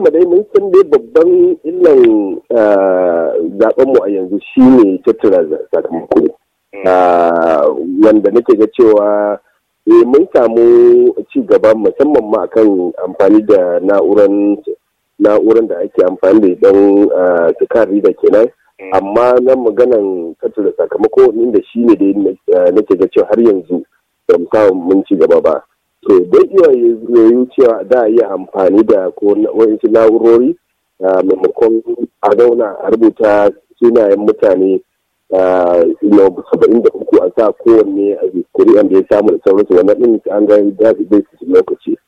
mu dai mun san dai babban illan eh, zaben mu a yanzu shine tattara sakamako mm. ah, wanda nake ga cewa eh, mun samu ci gaba musamman ma akan amfani da na'uran na'uran da ake amfani da idan ah, mm. sukari da kenan amma nan maganan tattara sakamako inda shine dai eh, nake ga cewa har yanzu ba mu mun ci gaba ba to don iya yoyin cewa da iya amfani da ko wa'insu na'urori maimakon a zauna a rubuta sunayen mutane saba'in da uku a sa kowanne a kuri'an da ya samu da sauransu wannan ɗin an ga daɗi bai su lokaci